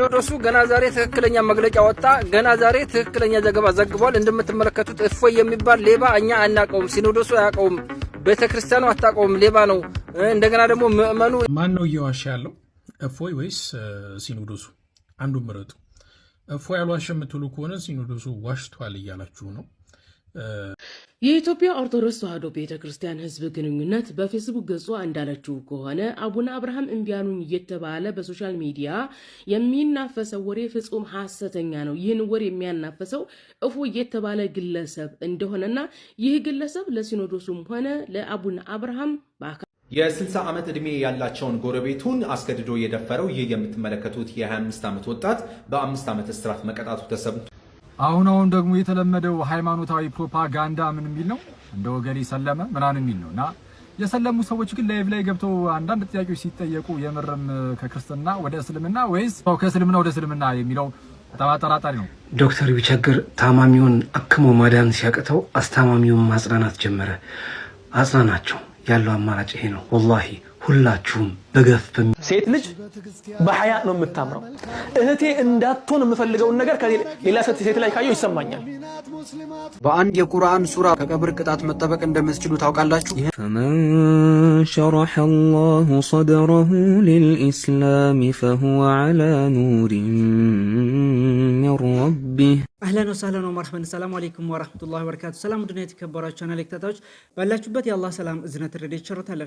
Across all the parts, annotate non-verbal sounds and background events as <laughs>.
ሲኖዶሱ ገና ዛሬ ትክክለኛ መግለጫ ወጣ። ገና ዛሬ ትክክለኛ ዘገባ ዘግቧል። እንደምትመለከቱት እፎይ የሚባል ሌባ እኛ አናቀውም፣ ሲኖዶሱ አያቀውም፣ ቤተ ክርስቲያኑ አታቀውም፣ ሌባ ነው። እንደገና ደግሞ ምእመኑ ማን ነው እየዋሸ ያለው? እፎይ ወይስ ሲኖዶሱ? አንዱ ምረጡ። እፎይ አልዋሸ የምትሉ ከሆነ ሲኖዶሱ ዋሽቷል እያላችሁ ነው። የኢትዮጵያ ኦርቶዶክስ ተዋሕዶ ቤተ ክርስቲያን ሕዝብ ግንኙነት በፌስቡክ ገጹ እንዳለችው ከሆነ አቡነ አብርሃም እምቢ እየተባለ በሶሻል ሚዲያ የሚናፈሰው ወሬ ፍጹም ሐሰተኛ ነው። ይህን ወሬ የሚያናፈሰው እፎ እየተባለ ግለሰብ እንደሆነና ይህ ግለሰብ ለሲኖዶሱም ሆነ ለአቡነ አብርሃም በአካል የ60 ዓመት ዕድሜ ያላቸውን ጎረቤቱን አስገድዶ የደፈረው ይህ የምትመለከቱት የ25 ዓመት ወጣት በአምስት ዓመት እስራት መቀጣቱ ተሰምቷል። አሁን አሁን ደግሞ የተለመደው ሃይማኖታዊ ፕሮፓጋንዳ ምን የሚል ነው እንደ ወገሌ ሰለመ ምናምን የሚል ነው እና የሰለሙ ሰዎች ግን ላይቭ ላይ ገብተው አንዳንድ ጥያቄዎች ሲጠየቁ የምርም ከክርስትና ወደ እስልምና ወይስ ከእስልምና ወደ እስልምና የሚለው በጣም አጠራጣሪ ነው። ዶክተር ቢቸግር ታማሚውን አክሞ ማዳን ሲያቅተው አስታማሚውን ማጽናናት ጀመረ። አጽናናቸው ያለው አማራጭ ይሄ ነው። ወላሂ ሁላችሁም በገፍም ሴት ልጅ በሀያ ነው የምታምረው። እህቴ እንዳትሆን የምፈልገውን ነገር ሌላ ሴት ላይ ካየው ይሰማኛል። በአንድ የቁርአን ሱራ ከቀብር ቅጣት መጠበቅ እንደምትችሉ ታውቃላችሁ። ፈመን ሸረሐ ላሁ ሰድረሁ ልልኢስላም ፈሁወ ዐላ ኑሪን ሚን ረቢህ አህለን ወሳህለን ወመርሐበን። ሰላሙ አለይኩም ወረሕመቱላሂ ወበረካቱ። ሰላም ድና የተከበራችሁ ተከታታዮች ባላችሁበት የአላህ ሰላም እዝነት ረድኤት ቸርታ ያለ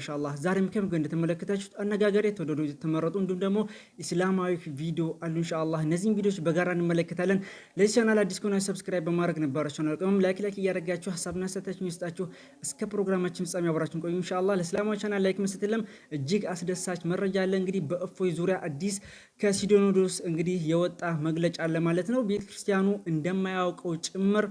ዛሬም ከምግ እንደተመለከታችሁት መነጋገሪያ ተወደዶ የተመረጡ እንዲሁም ደግሞ ኢስላማዊ ቪዲዮ አሉ እንሻላ እነዚህም ቪዲዮዎች በጋራ እንመለከታለን። ለዚህ ቻናል አዲስ ከሆናችሁ ሰብስክራይብ በማድረግ ነባራችሁ ቻናል ቀመም ላይክ ላይክ እያደረጋችሁ ሀሳብና ሰታችሁን ይስጣችሁ። እስከ ፕሮግራማችን ፍጻሜ አብራችሁን ቆዩ እንሻላ ለእስላማዊ ቻናል ላይክ መስትለም እጅግ አስደሳች መረጃ አለ። እንግዲህ በእፎይ ዙሪያ አዲስ ከሲኖዶስ እንግዲህ የወጣ መግለጫ አለ ማለት ነው። ቤተክርስቲያኑ እንደማያውቀው ጭምር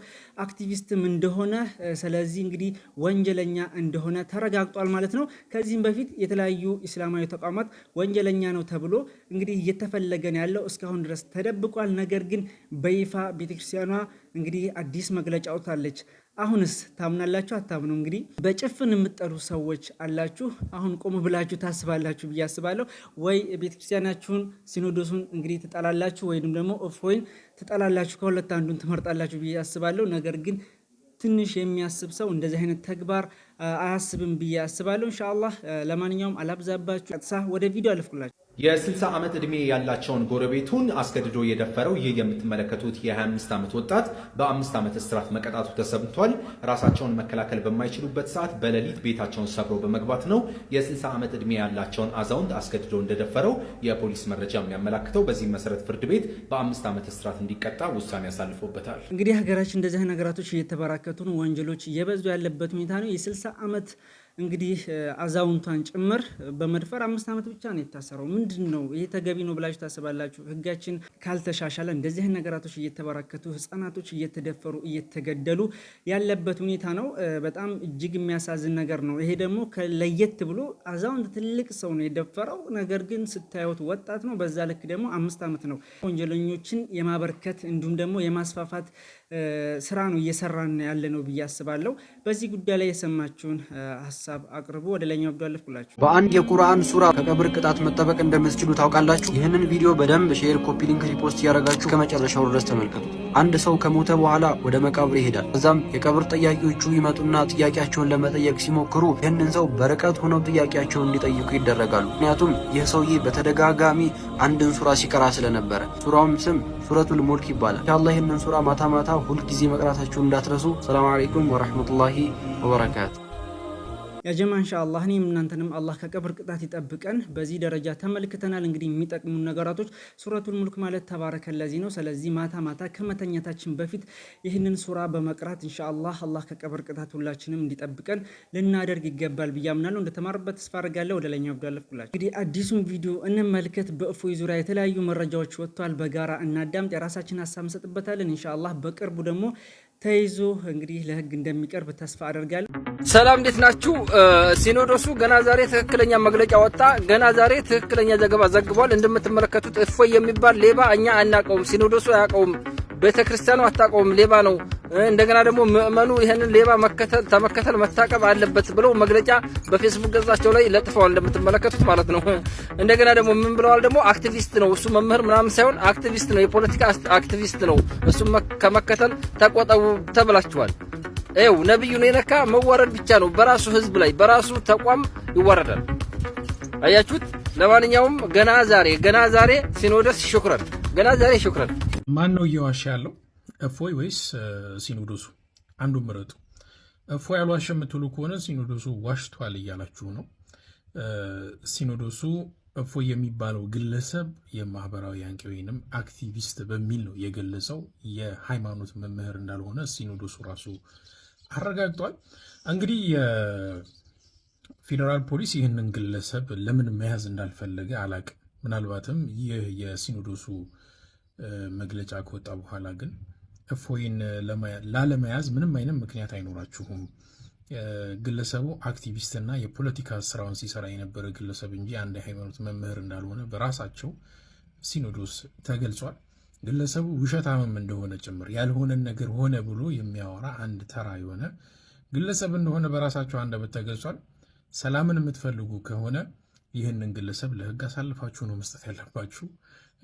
አክቲቪስትም እንደሆነ ስለዚህ እንግዲህ ወንጀለኛ እንደሆነ ተረጋግጧል ማለት ነው። ከዚህም በፊት የተለያዩ ኢስላማዊ ተቋማት ወንጀለኛ ነው ተብሎ እንግዲህ እየተፈለገን ያለው እስካሁን ድረስ ተደብቋል። ነገር ግን በይፋ ቤተክርስቲያኗ እንግዲህ አዲስ መግለጫ አውጥታለች። አሁንስ ታምናላችሁ አታምኑ? እንግዲህ በጭፍን የምትጠሩ ሰዎች አላችሁ። አሁን ቆም ብላችሁ ታስባላችሁ ብዬ አስባለሁ። ወይ ቤተክርስቲያናችሁን ሲኖዶሱን እንግዲህ ትጠላላችሁ፣ ወይም ደግሞ እፎይን ትጠላላችሁ። ከሁለት አንዱን ትመርጣላችሁ ብዬ አስባለሁ። ነገር ግን ትንሽ የሚያስብ ሰው እንደዚህ አይነት ተግባር አያስብም ብዬ አስባለሁ። እንሻአላህ ለማንኛውም አላብዛባችሁ፣ ቀጥሳ ወደ ቪዲዮ አለፍኩላችሁ። የ60 ዓመት ዕድሜ ያላቸውን ጎረቤቱን አስገድዶ የደፈረው ይህ የምትመለከቱት የ25 ዓመት ወጣት በአምስት ዓመት እስራት መቀጣቱ ተሰምቷል። ራሳቸውን መከላከል በማይችሉበት ሰዓት በሌሊት ቤታቸውን ሰብሮ በመግባት ነው የ60 ዓመት ዕድሜ ያላቸውን አዛውንት አስገድዶ እንደደፈረው የፖሊስ መረጃ የሚያመላክተው። በዚህ መሰረት ፍርድ ቤት በአምስት ዓመት እስራት እንዲቀጣ ውሳኔ ያሳልፎበታል። እንግዲህ ሀገራችን እንደዚህ ነገራቶች እየተበራከቱ ነው፣ ወንጀሎች እየበዙ ያለበት ሁኔታ ነው። የ60 ዓመት እንግዲህ አዛውንቷን ጭምር በመድፈር አምስት ዓመት ብቻ ነው የታሰረው። ምንድን ነው ይሄ ተገቢ ነው ብላችሁ ታስባላችሁ? ህጋችን ካልተሻሻለ እንደዚህ ነገራቶች እየተበራከቱ ህጻናቶች እየተደፈሩ እየተገደሉ ያለበት ሁኔታ ነው። በጣም እጅግ የሚያሳዝን ነገር ነው። ይሄ ደግሞ ለየት ብሎ አዛውንት ትልቅ ሰው ነው የደፈረው፣ ነገር ግን ስታዩት ወጣት ነው። በዛ ልክ ደግሞ አምስት ዓመት ነው። ወንጀለኞችን የማበርከት እንዲሁም ደግሞ የማስፋፋት ስራ ነው እየሰራን ያለ ነው ብዬ አስባለሁ። በዚህ ጉዳይ ላይ የሰማችሁን ሀሳብ አቅርቦ ወደ ላይኛው ጉዳይ አለፍኩላችሁ። በአንድ የቁርአን ሱራ ከቀብር ቅጣት መጠበቅ እንደምትችሉ ታውቃላችሁ። ይህንን ቪዲዮ በደንብ ሼር፣ ኮፒ ሊንክ፣ ሪፖስት እያደረጋችሁ ከመጨረሻው ድረስ ተመልከቱት። አንድ ሰው ከሞተ በኋላ ወደ መቃብር ይሄዳል። ከዛም የቀብር ጠያቂዎቹ ይመጡና ጥያቄያቸውን ለመጠየቅ ሲሞክሩ ይህንን ሰው በርቀት ሆነው ጥያቄያቸውን እንዲጠይቁ ይደረጋሉ። ምክንያቱም ይህ ሰውዬ በተደጋጋሚ አንድን ሱራ ሲቀራ ስለነበረ ሱራውም ስም ሱረቱል ሙልክ ይባላል። ኢንሻአላህ ይህንን ሱራ ማታ ማታ ሁልጊዜ መቅራታችሁን እንዳትረሱ። ሰላም አለይኩም ወረህመቱላሂ ወበረካቱ። ያጀማ እንሻአላህ እኔም እናንተንም አላህ ከቀብር ቅጣት ይጠብቀን። በዚህ ደረጃ ተመልክተናል። እንግዲህ የሚጠቅሙ ነገራቶች ሱረቱል ሙልክ ማለት ለዚህ ነው። ስለዚህ ማታ ማታ ከመተኛታችን በፊት ይህንን ሱራ በመቅራት እንሻአላህ አላህ ከቀብር ቅጣት ሁላችንም እንዲጠብቀን ልናደርግ ይገባል ብዬ አምናለሁ። እንደተማርበት ተስፋ አድርጋለሁ። ወደ ላይኛው ቪዲዮ አለፍኩላችሁ። እንግዲህ አዲሱን ቪዲዮ እንመልከት። በእፎይ ዙሪያ የተለያዩ መረጃዎች ወጥቷል። በጋራ እናዳምጥ፣ የራሳችን ሀሳብ እንሰጥበታለን። እንሻአላህ በቅርቡ ደግሞ ተይዞ እንግዲህ ለህግ እንደሚቀርብ ተስፋ አደርጋለሁ። ሰላም እንዴት ናችሁ? ሲኖዶሱ ገና ዛሬ ትክክለኛ መግለጫ ወጣ። ገና ዛሬ ትክክለኛ ዘገባ ዘግቧል። እንደምትመለከቱት እፎይ የሚባል ሌባ እኛ አናቀውም፣ ሲኖዶሱ አያውቀውም ክርስቲያኑ አታቆም ሌባ ነው። እንደገና ደግሞ ምእመኑ ይህንን ሌባ መከተል ተመከተል መታቀብ አለበት ብለው መግለጫ በፌስቡክ ገጻቸው ላይ ለጥፈዋል፣ እንደምትመለከቱት ማለት ነው። እንደገና ደግሞ ምን ብለዋል? ደግሞ አክቲቪስት ነው እሱ መምህር ምናምን ሳይሆን አክቲቪስት ነው፣ የፖለቲካ አክቲቪስት ነው። እሱም ከመከተል ተቆጠቡ ተብላችኋል። ይኸው ነቢዩን የነካ መዋረድ ብቻ ነው። በራሱ ህዝብ ላይ በራሱ ተቋም ይዋረዳል። አያችሁት? ለማንኛውም ገና ዛሬ ገና ዛሬ ሲኖደስ ሽኩረን ገና ዛሬ ሽኩረን ማን ነው እየዋሸ ያለው? እፎይ ወይስ ሲኖዶሱ? አንዱ ምረጡ። እፎይ ያልዋሸ የምትሉ ከሆነ ሲኖዶሱ ዋሽቷል እያላችሁ ነው። ሲኖዶሱ እፎይ የሚባለው ግለሰብ የማህበራዊ አንቂ ወይንም አክቲቪስት በሚል ነው የገለጸው የሃይማኖት መምህር እንዳልሆነ ሲኖዶሱ ራሱ አረጋግጧል። እንግዲህ የፌዴራል ፖሊስ ይህንን ግለሰብ ለምን መያዝ እንዳልፈለገ አላቅም። ምናልባትም ይህ የሲኖዶሱ መግለጫ ከወጣ በኋላ ግን እፎይን ላለመያዝ ምንም አይነት ምክንያት አይኖራችሁም። ግለሰቡ አክቲቪስትና የፖለቲካ ስራውን ሲሰራ የነበረ ግለሰብ እንጂ አንድ ሃይማኖት መምህር እንዳልሆነ በራሳቸው ሲኖዶስ ተገልጿል። ግለሰቡ ውሸታምም እንደሆነ ጭምር ያልሆነን ነገር ሆነ ብሎ የሚያወራ አንድ ተራ የሆነ ግለሰብ እንደሆነ በራሳቸው አንደበት ተገልጿል። ሰላምን የምትፈልጉ ከሆነ ይህንን ግለሰብ ለህግ አሳልፋችሁ ነው መስጠት ያለባችሁ።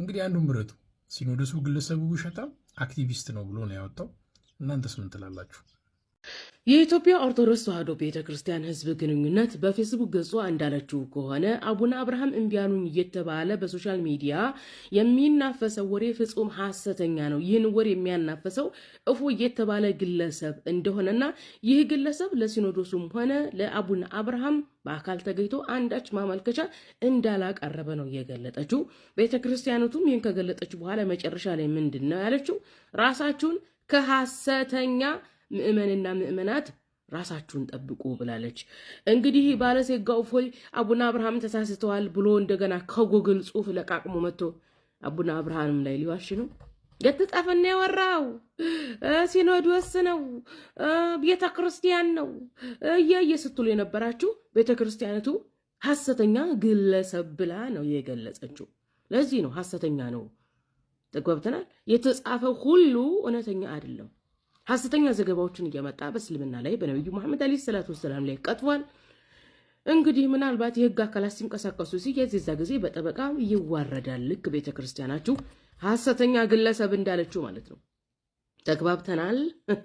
እንግዲህ አንዱ ምረጡ። ሲኖዶሱ ግለሰቡ ሸታ አክቲቪስት ነው ብሎ ነው ያወጣው። እናንተስ ምን ትላላችሁ? የኢትዮጵያ ኦርቶዶክስ ተዋሕዶ ቤተ ክርስቲያን ሕዝብ ግንኙነት በፌስቡክ ገጹ እንዳለችው ከሆነ አቡነ አብርሃም እምቢያኑኝ እየተባለ በሶሻል ሚዲያ የሚናፈሰው ወሬ ፍጹም ሐሰተኛ ነው። ይህን ወር የሚያናፈሰው እፉ እየተባለ ግለሰብ እንደሆነና ይህ ግለሰብ ለሲኖዶሱም ሆነ ለአቡነ አብርሃም በአካል ተገኝቶ አንዳች ማመልከቻ እንዳላቀረበ ነው የገለጠችው። ቤተ ክርስቲያኖቱም ይህን ከገለጠችው በኋላ መጨረሻ ላይ ምንድን ነው ያለችው? ራሳችሁን ከሐሰተኛ ምእመንና ምእመናት ራሳችሁን ጠብቁ ብላለች። እንግዲህ ባለሴጋው ፎይ አቡነ አብርሃም ተሳስተዋል ብሎ እንደገና ከጎግል ጽሁፍ ለቃቅሞ መጥቶ አቡነ አብርሃንም ላይ ሊዋሽ ነው። የተጻፈና የወራው ሲኖድ ነው፣ ቤተ ክርስቲያን ነው እየየ ስትሉ የነበራችሁ ቤተ ክርስቲያኒቱ ሐሰተኛ ግለሰብ ብላ ነው የገለጸችው። ለዚህ ነው ሐሰተኛ ነው። ተግባብተናል። የተጻፈው ሁሉ እውነተኛ አይደለም። ሐሰተኛ ዘገባዎችን እያመጣ በእስልምና ላይ በነቢዩ መሐመድ አለይሂ ሰላቱ ወሰላም ላይ ቀጥፏል። እንግዲህ ምናልባት የህግ አካላት ሲንቀሳቀሱ ሲያዝ የዛ ጊዜ በጠበቃ ይዋረዳል። ልክ ቤተ ክርስቲያናችሁ ሐሰተኛ ግለሰብ እንዳለችው ማለት ነው። ተግባብተናል። <laughs>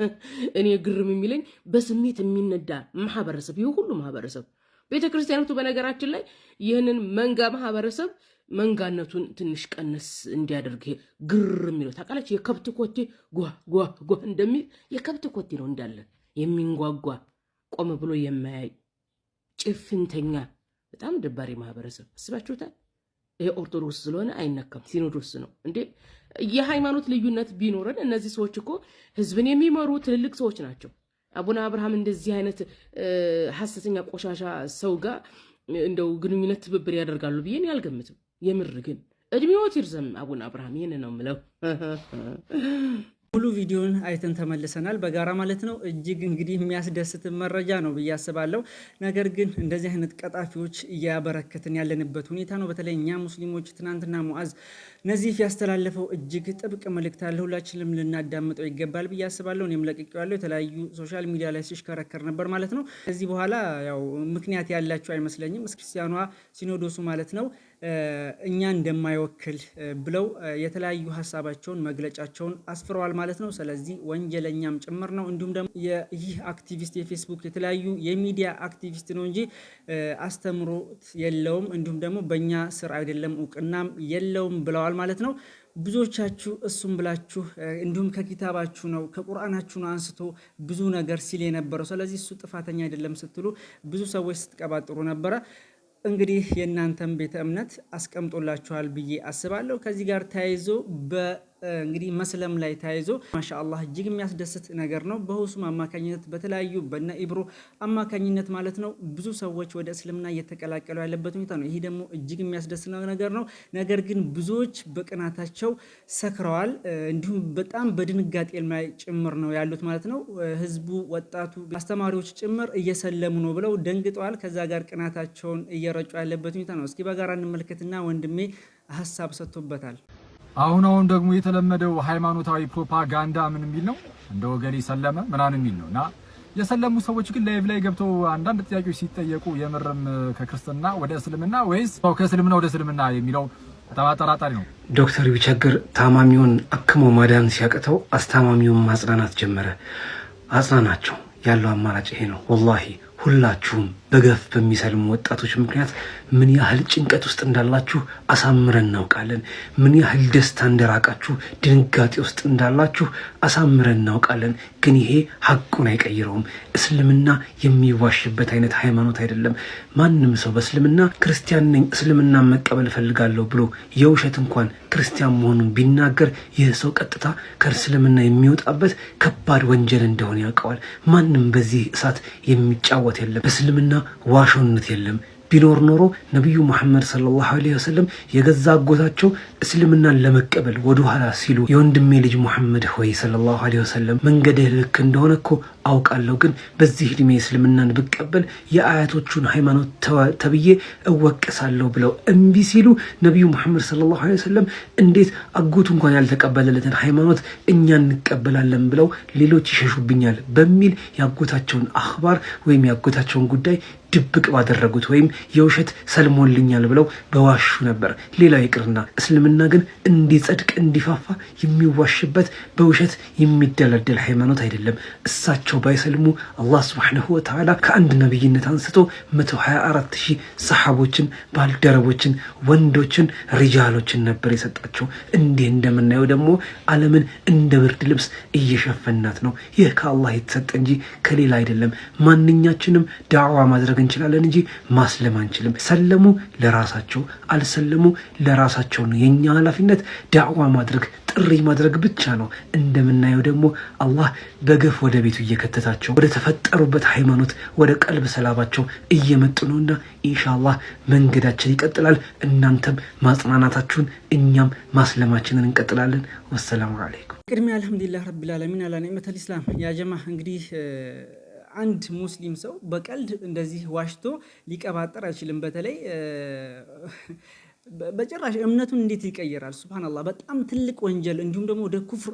እኔ ግርም የሚለኝ በስሜት የሚነዳ ማህበረሰብ፣ ይህ ሁሉ ማህበረሰብ ቤተ ክርስቲያኒቱ በነገራችን ላይ ይህንን መንጋ ማህበረሰብ መንጋነቱን ትንሽ ቀነስ እንዲያደርግ ይሄ ግር የሚለው ታውቃለች። የከብት ኮቴ ጓ ጓ ጓ እንደሚል የከብት ኮቴ ነው እንዳለ የሚንጓጓ ቆም ብሎ የማያይ ጭፍንተኛ፣ በጣም ደባሪ ማህበረሰብ አስባችሁታል። ይሄ ኦርቶዶክስ ስለሆነ አይነካም፣ ሲኖዶስ ነው እንዴ። የሃይማኖት ልዩነት ቢኖረን እነዚህ ሰዎች እኮ ህዝብን የሚመሩ ትልልቅ ሰዎች ናቸው። አቡነ አብርሃም እንደዚህ አይነት ሀሰተኛ ቆሻሻ ሰው ጋር እንደው ግንኙነት ትብብር ያደርጋሉ ብዬን አልገምትም። የምር ግን እድሜዎት ይርዘም አቡነ አብርሃም ይህን ነው ምለው። ሙሉ ቪዲዮን አይተን ተመልሰናል በጋራ ማለት ነው። እጅግ እንግዲህ የሚያስደስት መረጃ ነው ብዬ አስባለሁ። ነገር ግን እንደዚህ አይነት ቀጣፊዎች እያበረከትን ያለንበት ሁኔታ ነው። በተለይ እኛ ሙስሊሞች ትናንትና ሙዓዝ ነዚፍ ያስተላለፈው እጅግ ጥብቅ መልእክት አለ። ሁላችንም ልናዳምጠው ይገባል ብዬ አስባለሁ። እኔም ለቅቄዋለሁ። የተለያዩ ሶሻል ሚዲያ ላይ ሲሽከረከር ነበር ማለት ነው። ከዚህ በኋላ ያው ምክንያት ያላቸው አይመስለኝም። ክርስቲያኗ ሲኖዶሱ ማለት ነው እኛ እንደማይወክል ብለው የተለያዩ ሀሳባቸውን መግለጫቸውን አስፍረዋል። ማለት ነው። ስለዚህ ወንጀለኛም ጭምር ነው። እንዲሁም ደግሞ ይህ አክቲቪስት የፌስቡክ የተለያዩ የሚዲያ አክቲቪስት ነው እንጂ አስተምሮት የለውም። እንዲሁም ደግሞ በእኛ ስር አይደለም እውቅናም የለውም ብለዋል ማለት ነው። ብዙዎቻችሁ እሱም ብላችሁ እንዲሁም ከኪታባችሁ ነው ከቁርአናችሁ ነው አንስቶ ብዙ ነገር ሲል የነበረው ስለዚህ እሱ ጥፋተኛ አይደለም ስትሉ ብዙ ሰዎች ስትቀባጥሩ ነበረ። እንግዲህ የእናንተም ቤተ እምነት አስቀምጦላችኋል ብዬ አስባለሁ። ከዚህ ጋር ተያይዞ በ እንግዲህ መስለም ላይ ተያይዞ ማሻአላህ እጅግ የሚያስደስት ነገር ነው። በሁሱም አማካኝነት በተለያዩ በነ ኢብሮ አማካኝነት ማለት ነው ብዙ ሰዎች ወደ እስልምና እየተቀላቀሉ ያለበት ሁኔታ ነው። ይህ ደግሞ እጅግ የሚያስደስት ነገር ነው። ነገር ግን ብዙዎች በቅናታቸው ሰክረዋል፣ እንዲሁም በጣም በድንጋጤ ላይ ጭምር ነው ያሉት ማለት ነው። ህዝቡ፣ ወጣቱ፣ አስተማሪዎች ጭምር እየሰለሙ ነው ብለው ደንግጠዋል። ከዛ ጋር ቅናታቸውን እየረጩ ያለበት ሁኔታ ነው። እስኪ በጋራ እንመልከትና ወንድሜ ሀሳብ ሰጥቶበታል። አሁን አሁን ደግሞ የተለመደው ሃይማኖታዊ ፕሮፓጋንዳ ምን የሚል ነው እንደ ወገሌ ሰለመ ምናምን የሚል ነው እና የሰለሙ ሰዎች ግን ላይቭ ላይ ገብተው አንዳንድ ጥያቄዎች ሲጠየቁ የምርም ከክርስትና ወደ እስልምና ወይስ ከእስልምና ወደ እስልምና የሚለው ተጠራጣሪ ነው። ዶክተር ቢቸግር ታማሚውን አክሞ ማዳን ሲያቅተው አስታማሚውን ማጽናናት ጀመረ። አጽናናቸው ያለው አማራጭ ይሄ ነው። ወላሂ ሁላችሁም በገፍ በሚሰልሙ ወጣቶች ምክንያት ምን ያህል ጭንቀት ውስጥ እንዳላችሁ አሳምረን እናውቃለን። ምን ያህል ደስታ እንደራቃችሁ፣ ድንጋጤ ውስጥ እንዳላችሁ አሳምረን እናውቃለን። ግን ይሄ ሀቁን አይቀይረውም። እስልምና የሚዋሽበት አይነት ሃይማኖት አይደለም። ማንም ሰው በእስልምና ክርስቲያን ነኝ እስልምና መቀበል እፈልጋለሁ ብሎ የውሸት እንኳን ክርስቲያን መሆኑን ቢናገር ይህ ሰው ቀጥታ ከእስልምና የሚወጣበት ከባድ ወንጀል እንደሆነ ያውቀዋል። ማንም በዚህ እሳት የሚጫወት የለም። በእስልምና ዋሾነት የለም። ቢኖር ኖሮ ነቢዩ ሙሐመድ ሰለላሁ ዐለይሂ ወሰለም የገዛ አጎታቸው እስልምናን ለመቀበል ወደኋላ ሲሉ የወንድሜ ልጅ ሙሐመድ ሆይ ሰለላሁ ዐለይሂ ወሰለም መንገድህ ልክ እንደሆነ እኮ አውቃለሁ። ግን በዚህ ዕድሜ እስልምናን ብቀበል የአያቶቹን ሃይማኖት ተብዬ እወቀሳለሁ ብለው እምቢ ሲሉ ነቢዩ ሙሐመድ ሰለላሁ ዐለይሂ ወሰለም እንዴት አጎቱ እንኳን ያልተቀበለለትን ሃይማኖት እኛ እንቀበላለን ብለው ሌሎች ይሸሹብኛል በሚል ያጎታቸውን አክባር ወይም ያጎታቸውን ጉዳይ ድብቅ ባደረጉት ወይም የውሸት ሰልሞልኛል ብለው በዋሹ ነበር። ሌላው ይቅርና እስልምና ግን እንዲጸድቅ እንዲፋፋ የሚዋሽበት በውሸት የሚደላደል ሃይማኖት አይደለም እሳቸው ልባቸው ባይሰልሙ አላህ ስብሐነሁ ወተዓላ ከአንድ ነቢይነት አንስቶ 124 ሺህ ሰሓቦችን፣ ባልደረቦችን፣ ወንዶችን፣ ሪጃሎችን ነበር የሰጣቸው። እንዲህ እንደምናየው ደግሞ ዓለምን እንደ ብርድ ልብስ እየሸፈናት ነው። ይህ ከአላህ የተሰጠ እንጂ ከሌላ አይደለም። ማንኛችንም ዳዕዋ ማድረግ እንችላለን እንጂ ማስለም አንችልም። ሰለሙ ለራሳቸው አልሰለሙ ለራሳቸው ነው። የእኛ ኃላፊነት ዳዕዋ ማድረግ ጥሪ ማድረግ ብቻ ነው። እንደምናየው ደግሞ አላህ በገፍ ወደ ቤቱ እየከተታቸው ወደ ተፈጠሩበት ሃይማኖት፣ ወደ ቀልብ ሰላባቸው እየመጡ ነውና ኢንሻአላህ መንገዳችን ይቀጥላል። እናንተም ማጽናናታችሁን እኛም ማስለማችንን እንቀጥላለን። ወሰላሙ አለይኩም። ቅድሚያ አልሐምዱሊላህ ረቢል ዓለሚን አላ ኒዕመተል ኢስላም ያጀማ እንግዲህ አንድ ሙስሊም ሰው በቀልድ እንደዚህ ዋሽቶ ሊቀባጠር አይችልም። በተለይ በጭራሽ እምነቱን እንዴት ይቀይራል? ሱብሃነላህ በጣም ትልቅ ወንጀል እንዲሁም ደግሞ ወደ ኩፍር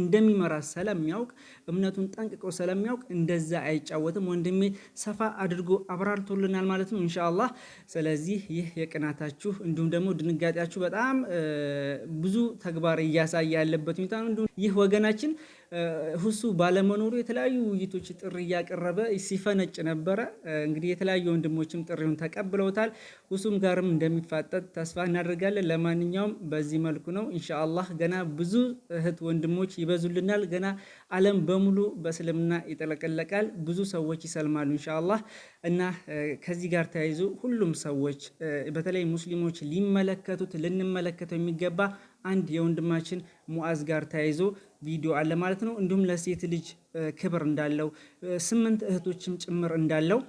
እንደሚመራ ስለሚያውቅ እምነቱን ጠንቅቆ ስለሚያውቅ እንደዛ አይጫወትም። ወንድሜ ሰፋ አድርጎ አብራርቶልናል ማለት ነው ኢንሻአላህ። ስለዚህ ይህ የቅናታችሁ እንዲሁም ደግሞ ድንጋጤያችሁ በጣም ብዙ ተግባር እያሳየ ያለበት ሁኔታ ነው። ይህ ወገናችን ሁሱ ባለመኖሩ የተለያዩ ውይይቶች ጥሪ እያቀረበ ሲፈነጭ ነበረ። እንግዲህ የተለያዩ ወንድሞችም ጥሪውን ተቀብለውታል። ሁሱም ጋርም እንደሚፋጠጥ ተስፋ እናደርጋለን። ለማንኛውም በዚህ መልኩ ነው ኢንሻአላህ። ገና ብዙ እህት ወንድሞች ይበዙልናል። ገና ዓለም በሙሉ በእስልምና ይጠለቀለቃል። ብዙ ሰዎች ይሰልማሉ ኢንሻአላህ እና ከዚህ ጋር ተያይዞ ሁሉም ሰዎች በተለይ ሙስሊሞች ሊመለከቱት ልንመለከተው የሚገባ አንድ የወንድማችን ሙዓዝ ጋር ተያይዞ ቪዲዮ አለ ማለት ነው። እንዲሁም ለሴት ልጅ ክብር እንዳለው ስምንት እህቶችም ጭምር እንዳለው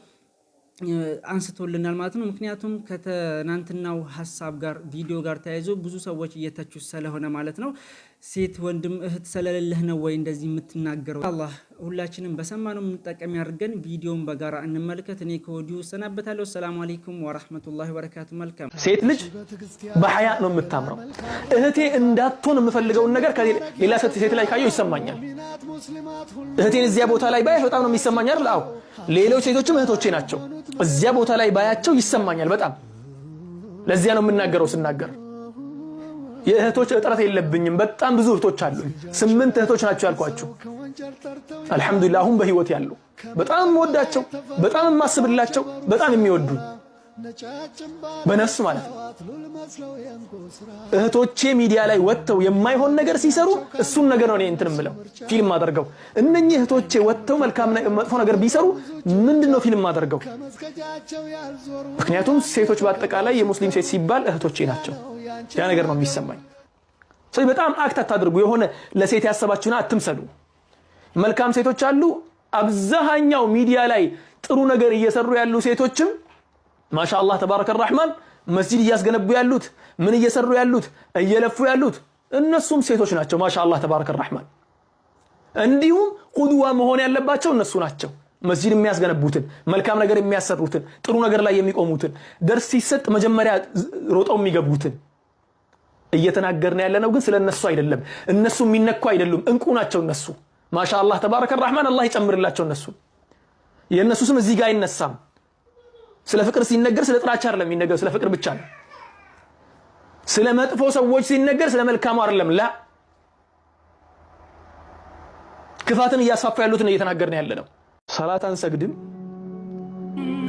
አንስቶልናል ማለት ነው። ምክንያቱም ከትናንትናው ሀሳብ ጋር ቪዲዮ ጋር ተያይዞ ብዙ ሰዎች እየተቹ ስለሆነ ማለት ነው። ሴት ወንድም እህት ስለሌለህ ነው ወይ እንደዚህ የምትናገረው? አላህ ሁላችንም በሰማነው የምንጠቀም ያድርገን። ቪዲዮን በጋራ እንመልከት። እኔ ከወዲሁ እሰናበታለሁ። ሰላም አለይኩም ወራህመቱላሂ ወበረካቱ። መልካም ሴት ልጅ በሀያ ነው የምታምረው። እህቴ እንዳትሆን የምፈልገውን ነገር ሌላ ሴት ላይ ካየው ይሰማኛል። እህቴን እዚያ ቦታ ላይ ባያሽ በጣም ነው የሚሰማኝ አይደል? አዎ ሌሎች ሴቶችም እህቶቼ ናቸው። እዚያ ቦታ ላይ ባያቸው ይሰማኛል በጣም ለዚያ ነው የምናገረው። ስናገር የእህቶች እጥረት የለብኝም። በጣም ብዙ እህቶች አሉ። ስምንት እህቶች ናቸው ያልኳችሁ። አልሐምዱሊላህ አሁን በህይወት ያሉ በጣም የምወዳቸው፣ በጣም የማስብላቸው፣ በጣም የሚወዱ በነሱ ማለት ነው። እህቶቼ ሚዲያ ላይ ወጥተው የማይሆን ነገር ሲሰሩ እሱን ነገር ነው እኔ እንትን ምለው ፊልም አደርገው። እነኚህ እህቶቼ ወጥተው መልካም መጥፎ ነገር ቢሰሩ ምንድን ነው ፊልም አደርገው? ምክንያቱም ሴቶች በአጠቃላይ የሙስሊም ሴት ሲባል እህቶቼ ናቸው። ያ ነገር ነው የሚሰማኝ። ስለዚህ በጣም አክት አታድርጉ። የሆነ ለሴት ያሰባችሁና አትምሰሉ። መልካም ሴቶች አሉ። አብዛኛው ሚዲያ ላይ ጥሩ ነገር እየሰሩ ያሉ ሴቶችም ማሻ አላህ ተባረከ ራህማን መስጂድ እያስገነቡ ያሉት ምን እየሰሩ ያሉት እየለፉ ያሉት እነሱም ሴቶች ናቸው። ማሻ አላህ ተባረከ ራህማን እንዲሁም ቁድዋ መሆን ያለባቸው እነሱ ናቸው። መስጂድ የሚያስገነቡትን መልካም ነገር የሚያሰሩትን ጥሩ ነገር ላይ የሚቆሙትን ደርስ ሲሰጥ መጀመሪያ ሮጠው የሚገቡትን እየተናገርን ያለነው ግን ስለ እነሱ አይደለም። እነሱ የሚነኩ አይደሉም። እንቁ ናቸው እነሱ። ማሻ አላህ ተባረከ ራህማን አላህ ይጨምርላቸው። እነሱ የእነሱ ስም እዚህ ጋር አይነሳም። ስለ ፍቅር ሲነገር ስለ ጥላቻ አይደለም የሚነገር፣ ስለ ፍቅር ብቻ ነው። ስለ መጥፎ ሰዎች ሲነገር ስለ መልካሙ አይደለም። ላ ክፋትን እያስፋፋ ያሉትን እየተናገርን ያለ ነው። ሰላት አንሰግድም።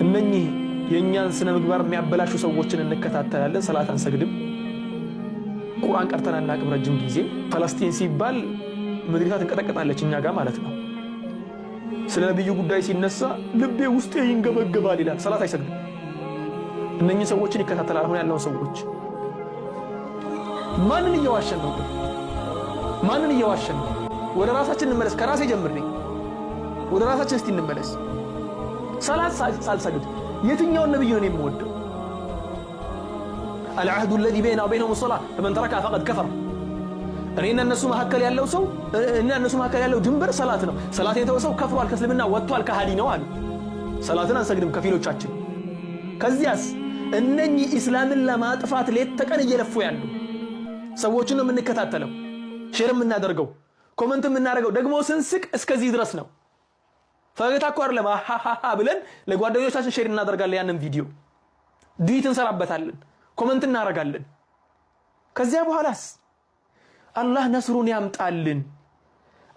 እነኚህ የእኛን ስነ ምግባር የሚያበላሹ ሰዎችን እንከታተላለን። ሰላት አንሰግድም። ቁርአን ቀርተን አናቅም። ረጅም ጊዜ ፈለስቲን ሲባል ምድሪቷ ትንቀጠቀጣለች እኛ ጋር ማለት ነው። ስለ ነቢዩ ጉዳይ ሲነሳ ልቤ ውስጤ ይንገበገባል ይላል። ሰላት አይሰግድም። እነኚህ ሰዎችን ይከታተላል። አሁን ያለውን ሰዎች ማንን እየዋሸን ነው? ማንን እየዋሸን ነው? ወደ ራሳችን እንመለስ። ከራሴ ጀምር። ወደ ራሳችን እስቲ እንመለስ። ሰላት ሳልሰግድ የትኛውን ነቢይ ነው የምወደው? አልዓህዱ አለዚ በይነና ወበይነሁም ሰላህ ፈመን ተረከሃ ፈቀድ ከፈረ እኔና እነሱ መካከል ያለው ሰው እና እነሱ መካከል ያለው ድንበር ሰላት ነው። ሰላት የተወ ሰው ከፍሯል፣ ከእስልምና ወጥቷል፣ ከሃዲ ነው አሉ። ሰላትን አንሰግድም ከፊሎቻችን። ከዚያስ እነኚህ ኢስላምን ለማጥፋት ሌት ተቀን እየለፉ ያሉ ሰዎችን ነው የምንከታተለው፣ ሼር የምናደርገው፣ ኮመንት የምናደርገው። ደግሞ ስንስቅ እስከዚህ ድረስ ነው። ፈገግታ እኮ አይደለም ብለን ለጓደኞቻችን ሼር እናደርጋለን። ያንን ቪዲዮ ድዊት እንሰራበታለን፣ ኮመንት እናደርጋለን። ከዚያ በኋላስ አላህ ነስሩን ያምጣልን።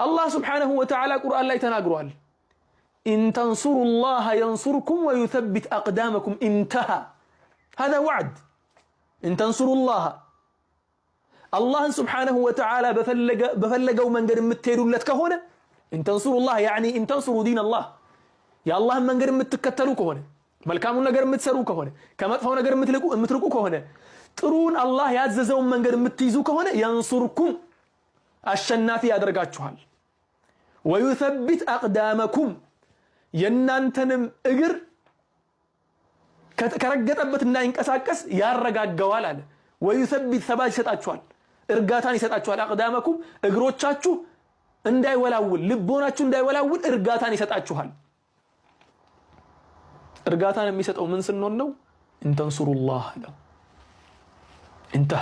አላህ ስብሓነሁ ወተዓላ ቁርአን ላይ ተናግሯል። ኢንተንሱሩላህ የንሱርኩም ወዩተቢት አቅዳመኩም እንተሃ ሀዛ ዋዕድ። ኢንተንሱሩላህ አላህን ስብሓነሁ ወተዓላ በፈለገው መንገድ የምትሄዱለት ከሆነ ኢንተንሱሩላህ ያዕኒ ኢንተንሱሩ ዲነላህ የአላህን መንገድ የምትከተሉ ከሆነ መልካሙን ነገር የምትሰሩ ከሆነ ከመጥፋው ነገር የምትርቁ ከሆነ ጥሩውን አላህ ያዘዘውን መንገድ የምትይዙ ከሆነ የንሱርኩም አሸናፊ ያደርጋችኋል። ወዩሰቢት አቅዳመኩም የእናንተንም እግር ከረገጠበት እንዳይንቀሳቀስ ያረጋገዋል አለ። ወዩሰቢት ሰባጅ ይሰጣችኋል፣ እርጋታን ይሰጣችኋል። አቅዳመኩም እግሮቻችሁ እንዳይወላውል፣ ልቦናችሁ እንዳይወላውል እርጋታን ይሰጣችኋል። እርጋታን የሚሰጠው ምን ስንሆን ነው? እንተንሱሩላህ ነው። እንታ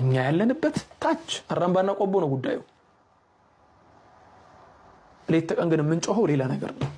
እኛ ያለንበት ታች አራምባና ቆቦ ነው ጉዳዩ። ሌት ተቀን ግን የምንጮኸው ሌላ ነገር ነው።